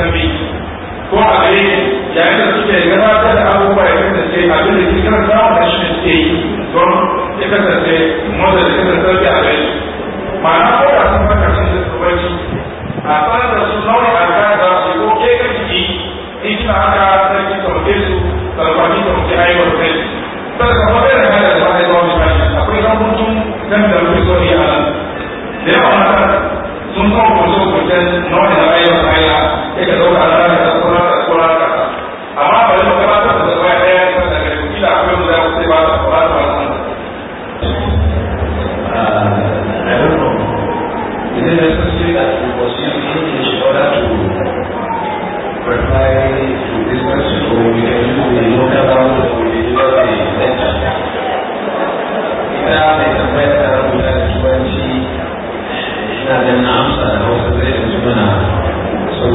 tafi ko a gare yayin da suke gabatar da abubuwa ya kasance abin da samun da shi yi don ya kasance motsa da kasance sauki a gare shi ma'ana ko da sun faka a da su nauyi a su ko ke in sarki su aiwar kai Gracias.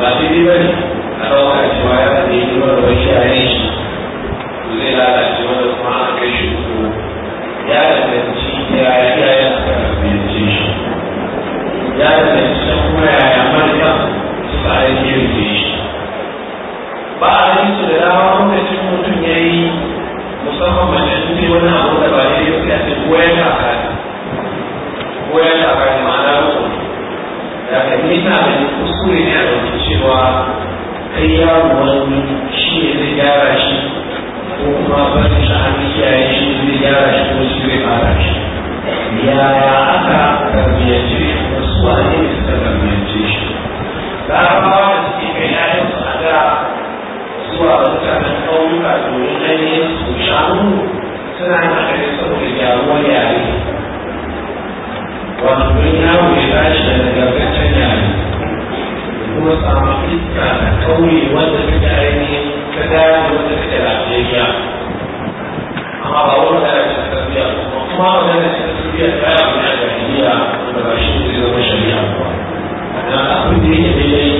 la إليه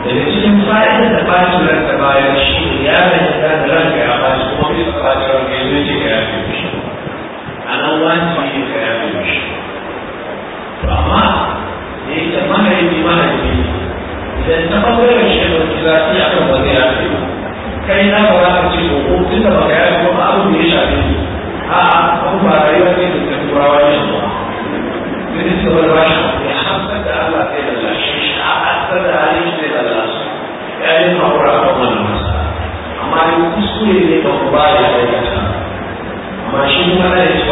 daga cikin fa'idar da ba su da bayan shi ya bayyana da ran ga ya kuma bai ta da ran ga ya ce ga ya shi a nan wajibi ne ga ya fi shi to amma da yake mahaifi mahaifi idan ta ɓangaren shi ba ki za su yi akan ya fi kai na ba za ka ce ko ko tun da ba ka ya kuma abin da ya shafi a ba rayuwa ne da ta turawa ne ba Allah ya yi wa ta'ala. Allah ya yi wa ta'ala. Allah ya yi wa ta'ala. Allah ya yi wa ta'ala. Allah ya yi wa ta'ala. Allah ya yi wa ta'ala. Allah ya yi wa ta'ala. Allah ya yi wa ta'ala. Allah ya yi wa ta'ala. Allah ya yi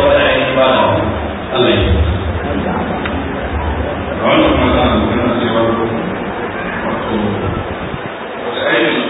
wa ta'ala. Allah ya yi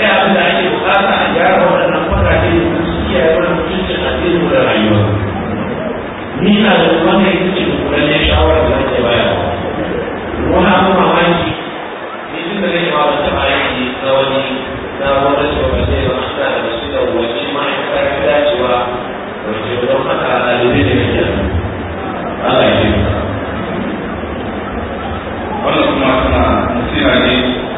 kai abin da ake bukata a gyara waɗannan kwataje da su yi wani mutuncin addinin da rayuwa ni na da wannan ita ce kuralle shawara da nake bayar wani abu mamaki ne duk da nake ba wata aiki na wani na ba tsofaci da mata da su da wace ma'aikatar dacewa wace don haka ɗalibai da nake Allah ya yi wannan kuma suna musira ne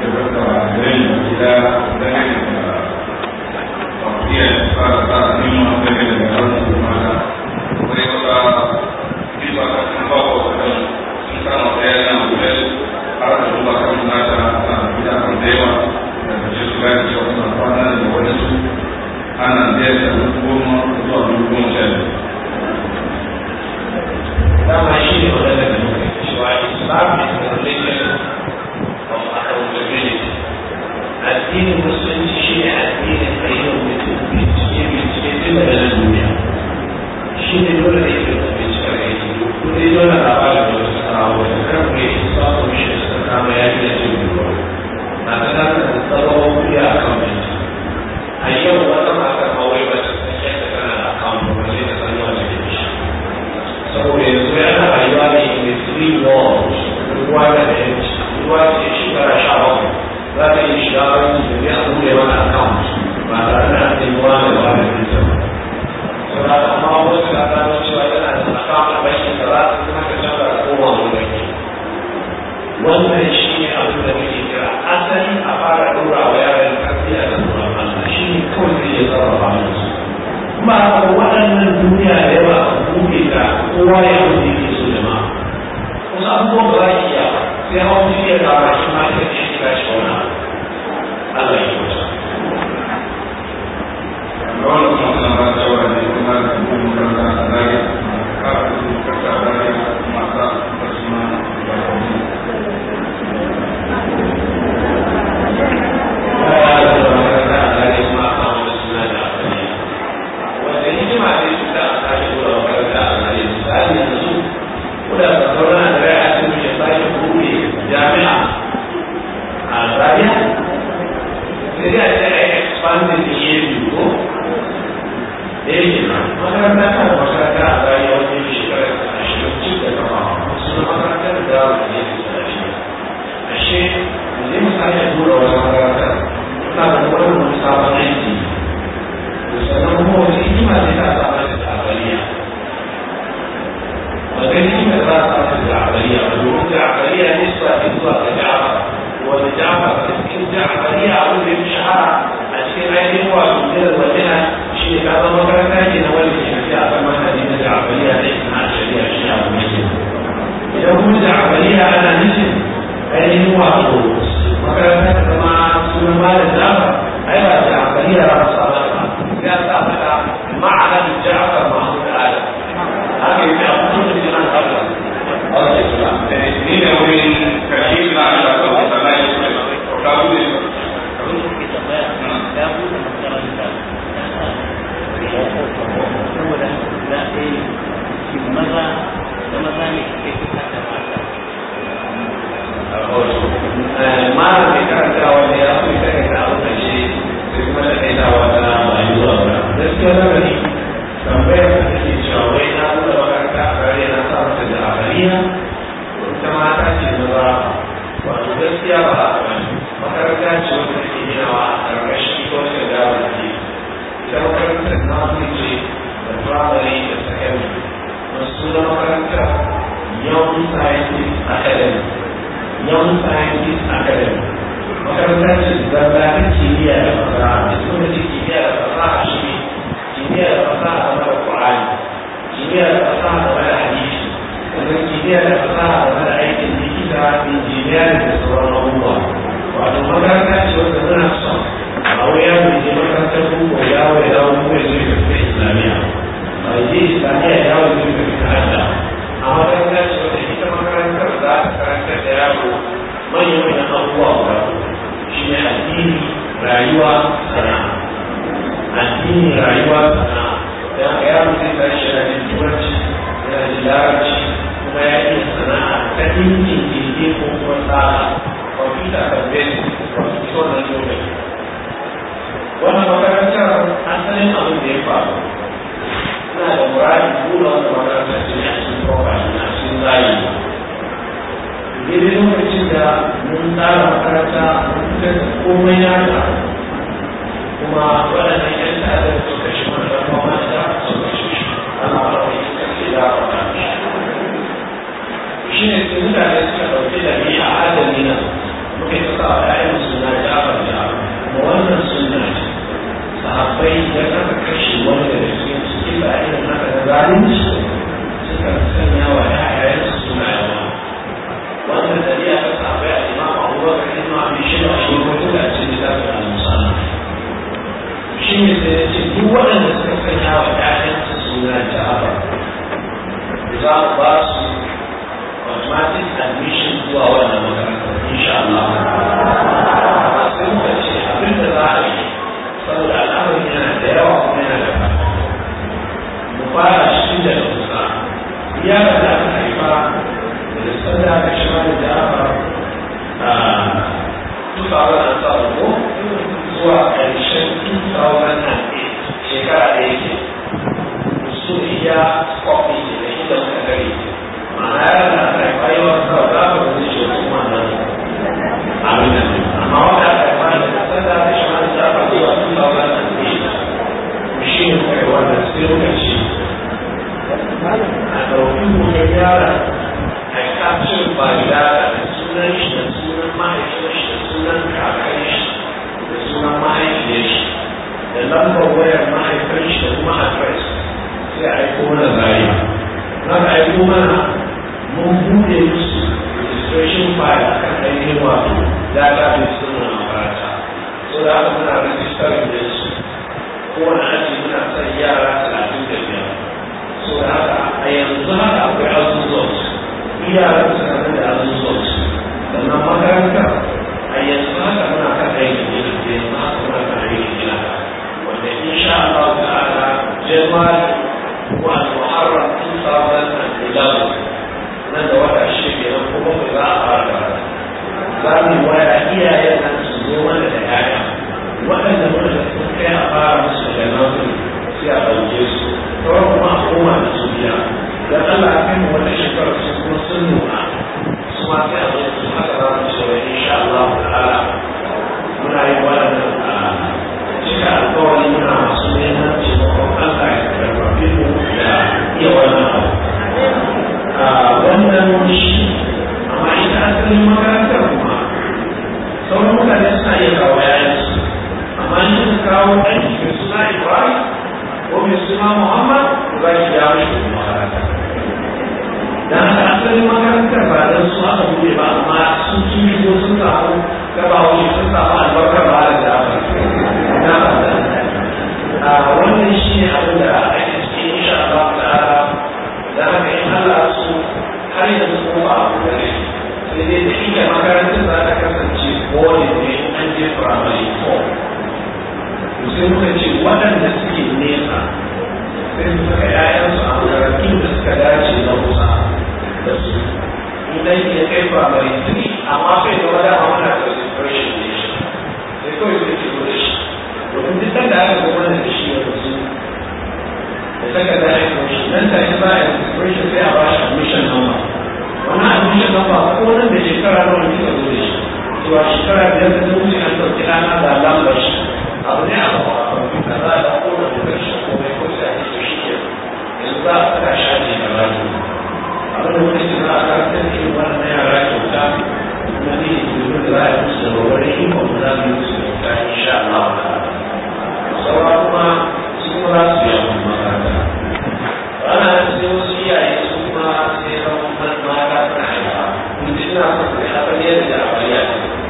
ana da ya goma zuwa manyan manyan abubuwa guda shi ne addini rayuwa sana'a addini rayuwa sana'a aware admission zuwa wannan makarantar insha Allah za yi saboda al'amarin da yawa kuma yana shi da kusa haifa da shi zuwa ƙarshen 2008 shekara da lokaci a ɗauki wani yara a kafin ba yara da sunan shi da sunan mahaifin shi da sunan kakan shi da sunan mahaifiyar shi da lambar wayar mahaifin shi da kuma adres sai a yi kona bayi na ka aiko mana mun bude musu registration file a kan ainihin wato data da suna makaranta so da haka muna rajistar da su ko kowane aji muna son yara talatin da biyar so da haka a yanzu haka akwai azuzuwan su yara su na da azuzuwan su sannan makaranta a yanzu haka muna kan aikin gina da yanzu haka muna kan aikin gina wanda insha Allah ta'ala January an je firamare ko sai muka ce waɗanda suke nesa sai su saka yayansu a makarantun da suka dace na kusa da su idan yake kai firamare tuni amma sai da wada a wani concentration ne shi sai kawai sai ce da shi domin duk da aka gaba da shi yanzu da saka da shi concentration nan da shi ba a concentration sai a ba shi admission number wannan admission number ko nan da shekara nawa ne ka zo da shi cewa shekara biyar ta abu ne a ba a da ko mai ko sai ake shi a ne da da shi a a yi yi ana sai wasu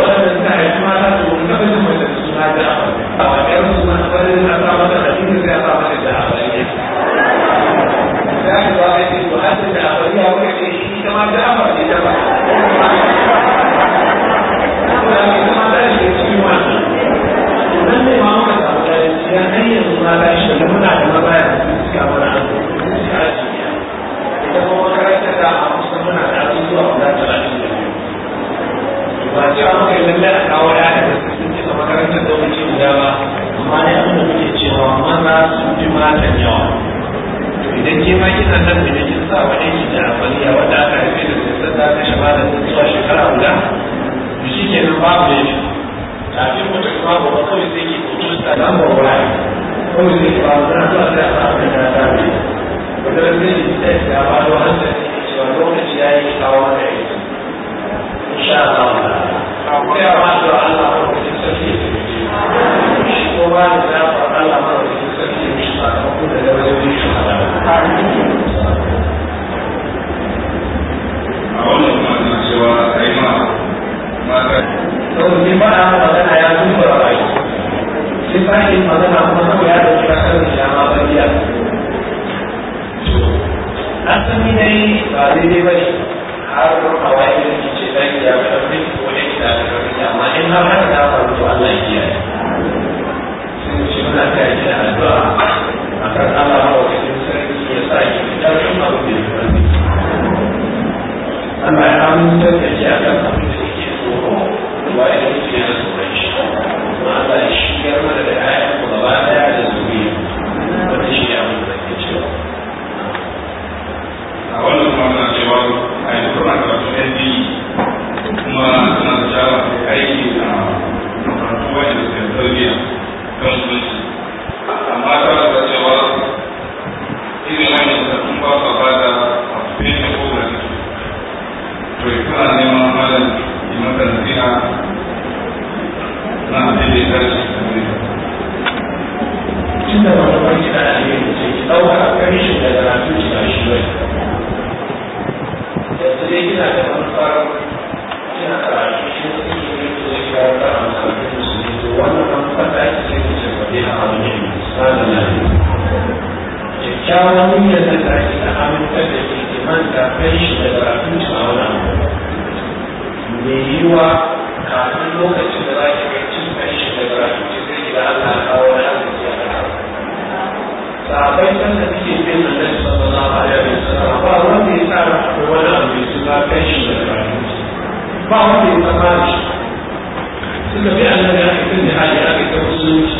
waɗanda suka haifi mata su wani na bayan mai da su na da a wajen su na bayan na sa mata da jini sai a sa mata da da aka ba a ce an ta da abariya wani ce shi ita ma da abariya da ba. da ma da shi sahabbai kan da suke bin annabi sallallahu alaihi wasallam ba wanda ya tsara akwai wani abu ya tuba kan shi da rayuwa ba wanda ya tsara shi suka bi annabi aka kin da hali aka ta musulunci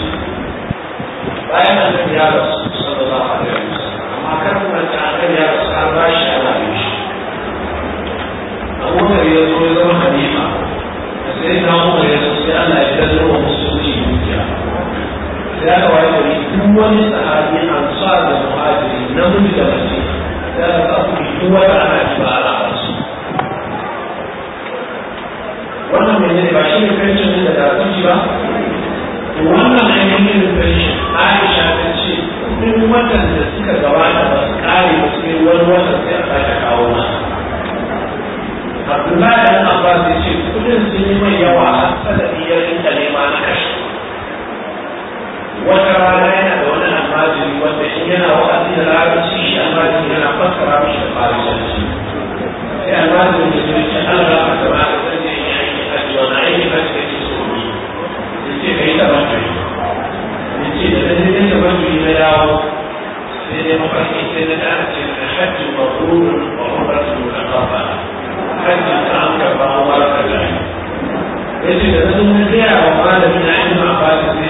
bayan annabi ya rasu sallallahu alaihi wasallam amma kan kuma ta annabi ya rasu an ba shi ana bin shi abubakar ya zo ya zama halima sai na umar ya zo sai Allah ya dallo musulunci ya ga wani gari duk wani sahabi ansar da muhajiri namiji da mace ya ga ba ku duk wani ana ibara a su wannan mai ne ba shi ne pension da da kuci ba wannan ainihin pension Aisha ta ce duk wannan da suka gabata ba su kare ba sai wani wata sai a sake kawo masa Abdullahi dan Abbas ya ce kudin sun yi mai yawa har sadari ya rinka nema na kashe wata rana yana da wani almajiri wanda in yana wa'azi da larabci shi almajiri yana fassara mishi da farisanci sai almajiri ya ce Allah ka ba ka san da yake aiki a jiwa na aiki ba ka ce so ne ya ce kai ta mace ya ce da dan ne da mace na dawo sai dai mafarki sai na da ce da hajji mabrurun wa umratu da qaba hajji ta an karba wa ka da ya ce da dan ne ya wa malamin na ilmi a ba ka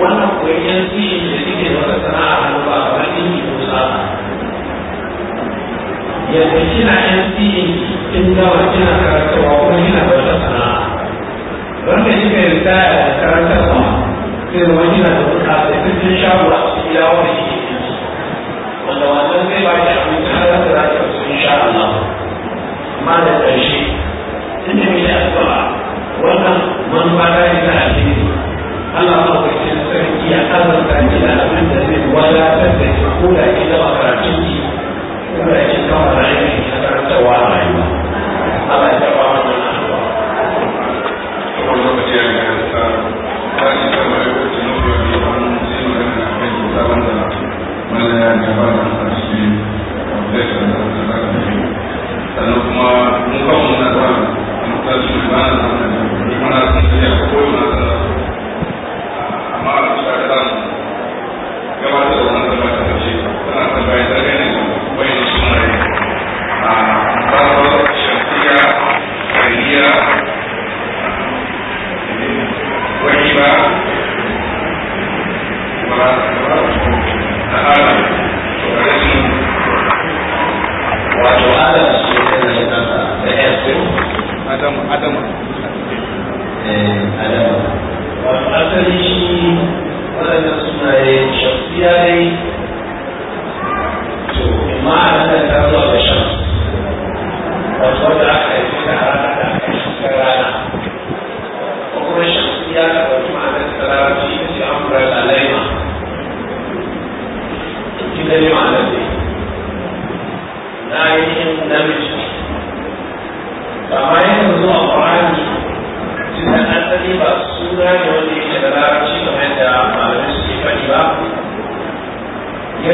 wannan koyon yan fiye da suke da wata sana'a a ba a wani yi ko saba yanzu kina yan fiye kin dawa kina karantarwa kuma kina da wata sana'a wanda kika yarda da karantarwa sai da zama kina da wata tsakin shago a cikin yawon da ke wanda wannan zai ba ki abincin har da za su wasu insha Allah amma da ƙarshe inda da mai da wannan manufa ta yi ta alheri Allah ma ku shi sarki ya azurta ni da abin da zai wadatar da shi ko da ke zama karatun ki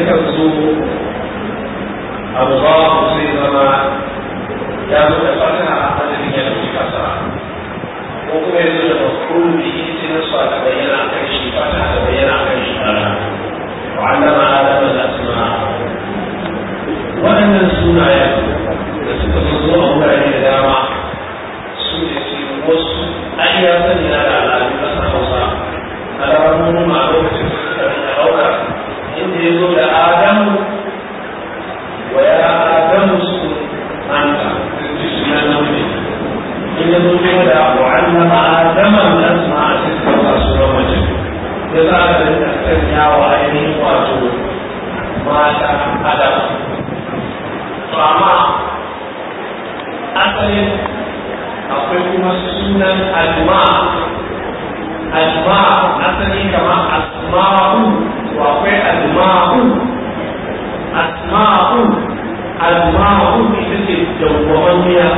تنزو أبغاء سيدنا يعني أفضلنا عقد من يلوك أسرع وقم يزل مفهول بإيسنا صالح بينا kamata a da to amma asalin akwai kuma sunan alma alma asali kama asma'u to akwai alma'u asma'u alma'u ita ce dawwamammiya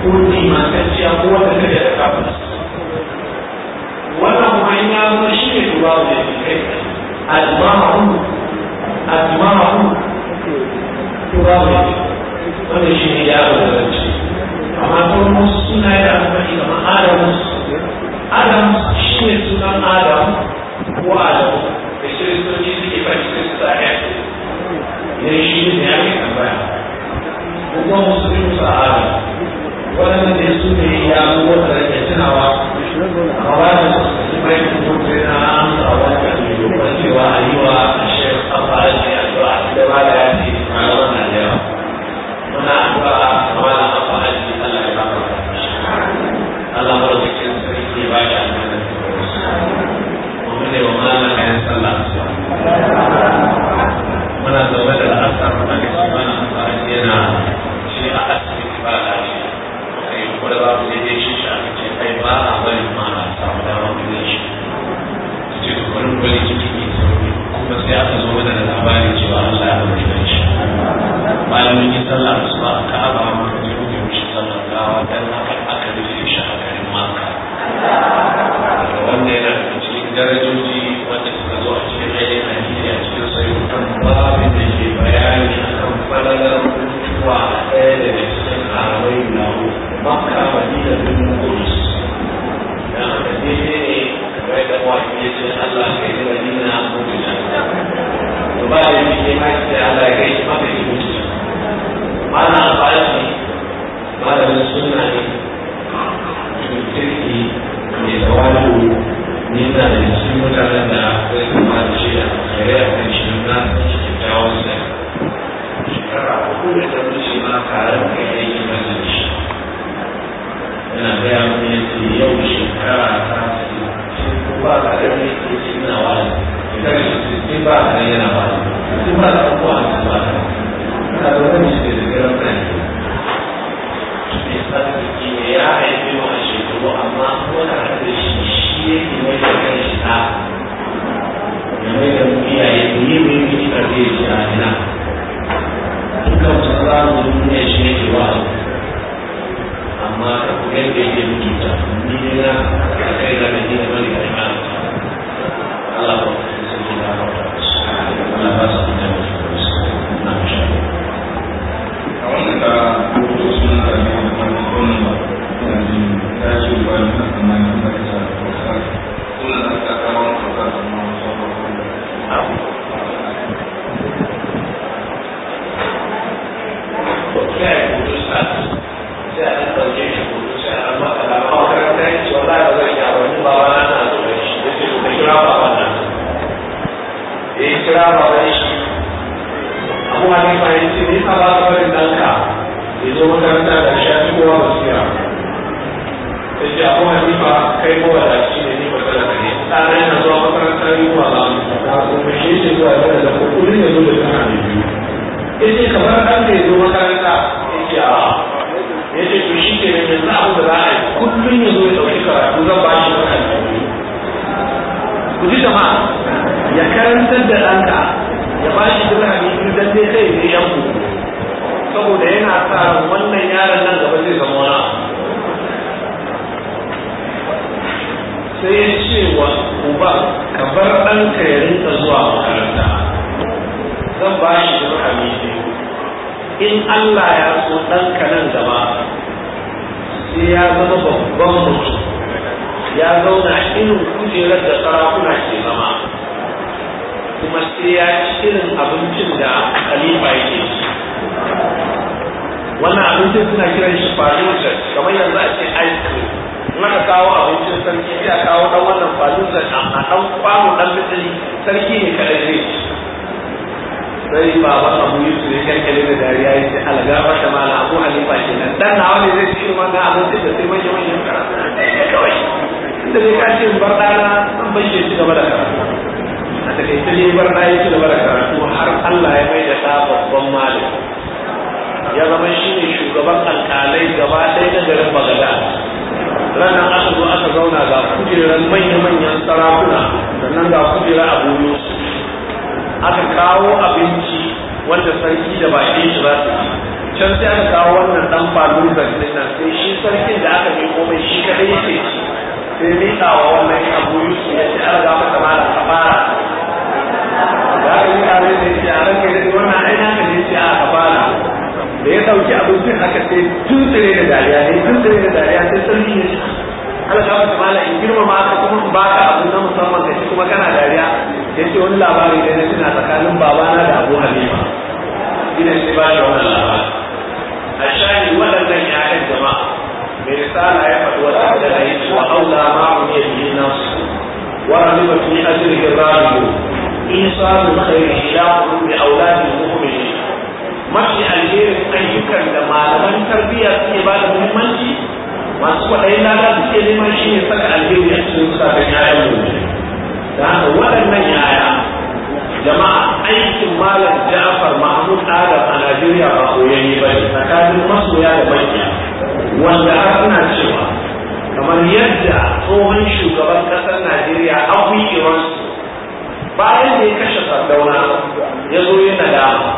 ko dimantacciya ko wata kada da kafin wannan kuma in ya zo shi ne da kai alma'u imam abu ko babu ne wanda shi ne ya da ce amma sauran wasu suna yana amfani kamar adamus adamus shi ne sunan adam ko adam da kiristoci suke faɗi su sa ya shi ne ya ke tambaya kuma musulmi su a adam waɗanda da su ne ya abubuwa da rage tunawa a bayan su su mai kuma na amsa wanda ne kuma cewa a yi wa shek amfani da addu'a da ba da ya ce a wannan da yawa muna addu'a a wannan amfani da Allah ya ba Allah ba da cikin sarki ya ba shi amfani da ne wa mana kayan sallah muna zaune da al'asar wanda ke mana amfani yana shi a asibiti ba da shi ko da za ku je gaishe shi aka ce kai ba a bari ma a samu damar da zai shi ta ce ku bari bari ciki ne sauri kuma sai aka zo mana da labarin cewa a ya bari shi bayan mun yi sallah su ba a ka'aba muka je muke mishi sallar gawa dan haka aka rufe ɗanka ya rinka zuwa makaranta zan ba shi dirhami biyu in Allah ya so ɗanka nan gaba sai ya zama babban mutum ya zauna irin kujerar da sarakuna ke zama kuma sai ya ci irin abincin da khalifa yake ci wannan abincin suna kiran shi farujar kamar yanzu a ce ice cream aka kawo abincin sarki sai a kawo dan wannan da a dan kwano dan fitili sarki ne kadai zai ci sai baba abu yusuf kan kankare da dariya ya ce algaba ta mala abu halifa ke nan dan nawa ne zai ci wannan abin da sai manyan manyan karatu kawai inda zai kace bar dana an bai shi gaba da karatu a takaice ne bar dana ya ci gaba da karatu har Allah ya mai da ta babban malami ya zama shi ne shugaban alkalai gaba ɗaya na garin bagada ranar aka zo aka zauna ga kujerar manya-manyan sarakuna sannan ga kujera a su, aka kawo abinci wanda sarki da baƙi shi ba su can sai aka kawo wannan dan balon zargin nan sai shi sarkin da aka miko komai shi kadai yake sai miƙa wa wannan abu yusuf ya ce an gama kamar a fara ɗauki abincin haka sai tun tsire da dariya ne tun tsire da dariya sai sarki ne ana shawo ta mala in girmama ka kuma in baka abu na musamman ka kuma kana dariya ya ce wani labari ne na tuna tsakanin babana da abu halima ina shi ba da wannan labari a shani waɗannan ƴaƴan jama'a mai risala ya faɗi wata magana ya ce wa aula ma'amu ya biyi nasu wa rabiba fi ajrin rabiyu إيصال الخير إلى قلوب أولاد المؤمنين mafi alherin ayyukan da malaman tarbiyya suke ba da muhimmanci masu kwaɗayin lada suke neman shi ne saka alheri a cikin zukatan yayan mu da haka waɗannan yaya jama'a aikin malam ja'far mahmud adam a najeriya ba koyayye ba ne tsakanin masoya da makiya wanda har suna cewa kamar yadda tsohon shugaban ƙasar najeriya abu bayan da ya kashe sardauna ya zo yana dama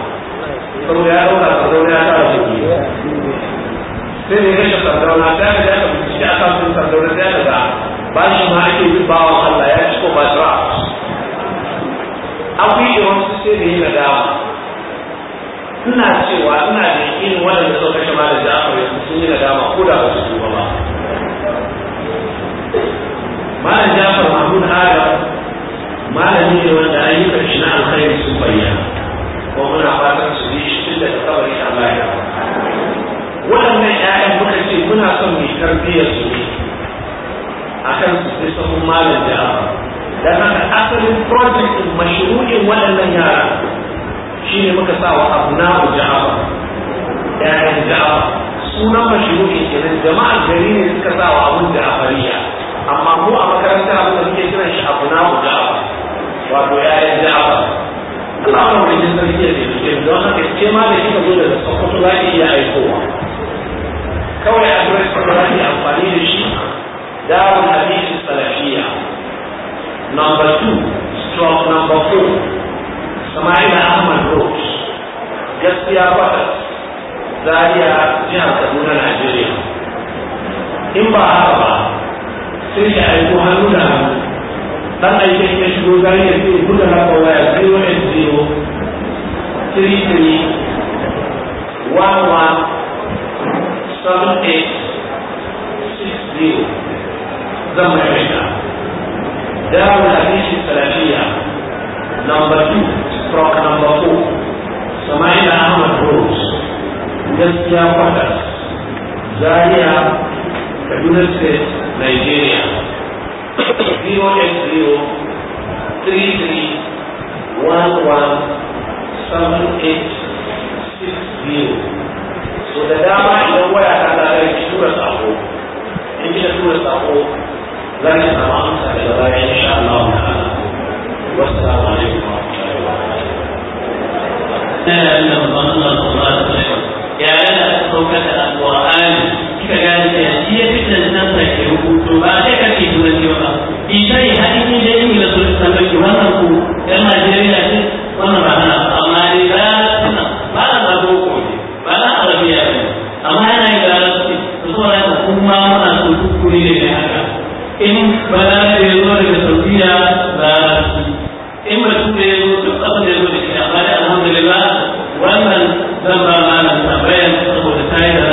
saboda ya ɗauka dauka sardauna ya tara shi sai ne rashin sardauna sai aka ja ka shi aka sun sardauna sai aka da ba shi ma ake yi bawan Allah ya ci ko ba tara akwai da wasu sai ne yi na dama. ina cewa ina da yin waɗanda suka kashe malam da yanzu sun yi na dama ko da ba su ba ba malam Ja'far Mahmud haram, malami ne wanda ayyukan shi na alkhairi sun bayyana ko muna fatan su yi shi tun daga kabari Allah ya waɗannan ƴaƴan muka ce muna son mai tarbiyyar su akan su fi sahun malam da dan da asalin project din mashru'in waɗannan yara ne muka sa wa abu na abna'u ja'aba ƴaƴan ja'aba sunan mashru'in kenan jama'ar gari ne suka sa wa abun ja'afariya amma mu a makaranta abin da muke kiran shi abna'u ja'aba wato ƴaƴan ja'aba Allah ba mai jin sarki ya taimake mu don haka ce ma da shi ka zo daga sokoto za ki iya aikowa kawai a turai sokoto za ki amfani da shi darun hadisi salafiya number two stroke number four sama'ila ahmad road gaskiya fata zariya jihar kaduna najeriya in ba haka ba sai shi aiko hannu da hannu dan aike ya shigo zai ya ce kuka haka waya 080 33 zan mai mai ta dawo da salafiya number 2 stroke number 4 samaila ahmad rose gaskiya kwatas zaria kaduna state nigeria so da dama idan waya ta lalai ki tura sako in kika hope, that za ki samu amsa daga baya insha Allah ta'ala wassalamu alaikum wa rahmatullahi wa barakatuh ya Allah ya Allah saukar da alqur'ani kika gane tsaya shi ya fi da nan sai ke rubutu ba sai ka ke turanci ba ita ne hadin ne da yin da turanci san ki wannan ku yan Najeriya ce wannan ba hana amma dai ba suna ba na ba boko ne ba na arabiya ne amma yana yi da rasu to so na kuma muna so duk ne da haka in ba za ta yi zuwa daga Saudiya ba in ba su da ya zo duk ƙasar da ya zo da shi amma da alhamdulillah wannan zan ba ma na sabayan saboda ta yi da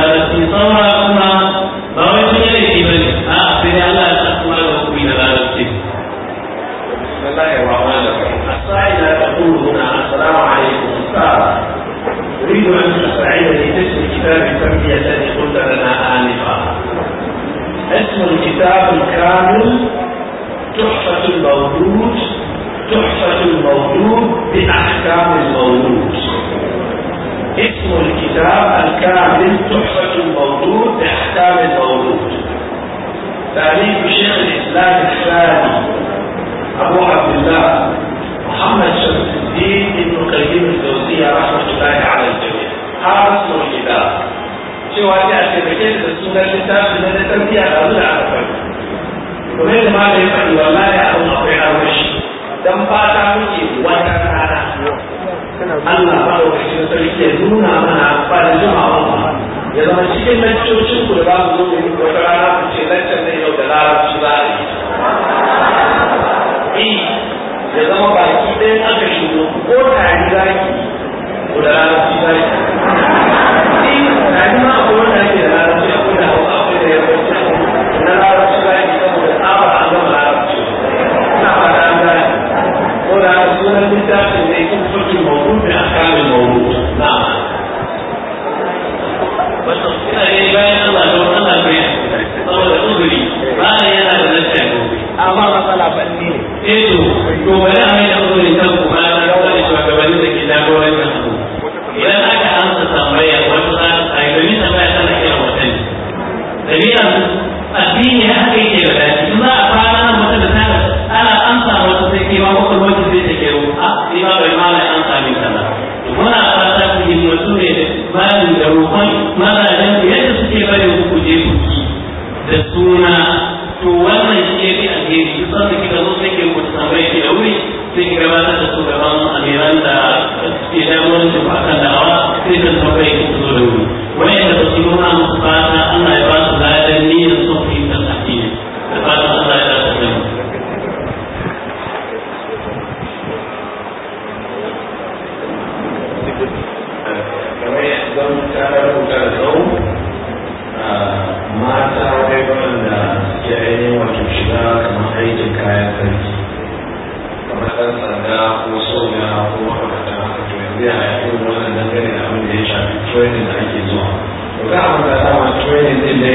el,